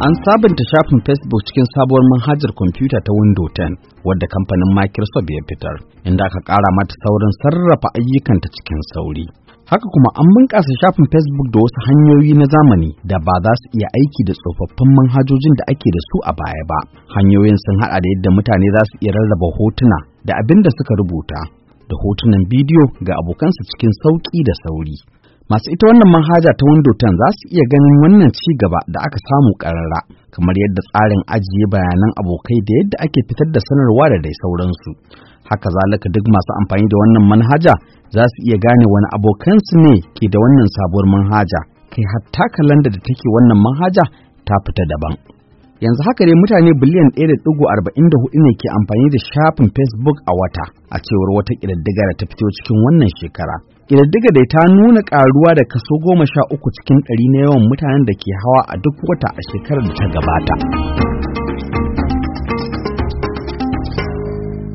An sabunta shafin Facebook cikin sabuwar manhajar kwamfuta ta Windows 10 wadda kamfanin Microsoft ya fitar, inda aka ƙara mata saurin sarrafa ayyukanta cikin sauri. Haka kuma an bunƙasa shafin Facebook da wasu hanyoyi na zamani da ba za su iya aiki da tsofaffin manhajojin da ake da su a baya ba. Hanyoyin sun haɗa da yadda mutane za su iya rarraba hotuna da abin da suka rubuta, da hotunan bidiyo ga abokansa cikin sauƙi da sauri. Masu ita wannan manhaja ta window 10 za su iya ganin wannan ci gaba da aka samu karara, kamar yadda tsarin ajiye bayanan abokai da yadda ake fitar da sanarwa da dai sauransu. Haka zalika duk masu amfani da wannan manhaja za su iya gane wani abokansu ne ke da wannan sabuwar manhaja, kai hatta kalanda da take wannan manhaja ta fita daban. yanzu haka dai mutane biliyan 1.44 ne ke amfani da shafin facebook a wata a cewar wata ƙididdiga da ta fito cikin wannan shekara ƙididdiga dai ta nuna ƙaruwa da kaso goma sha uku cikin ɗari na yawan mutanen da ke hawa a duk wata a shekarar da ta gabata.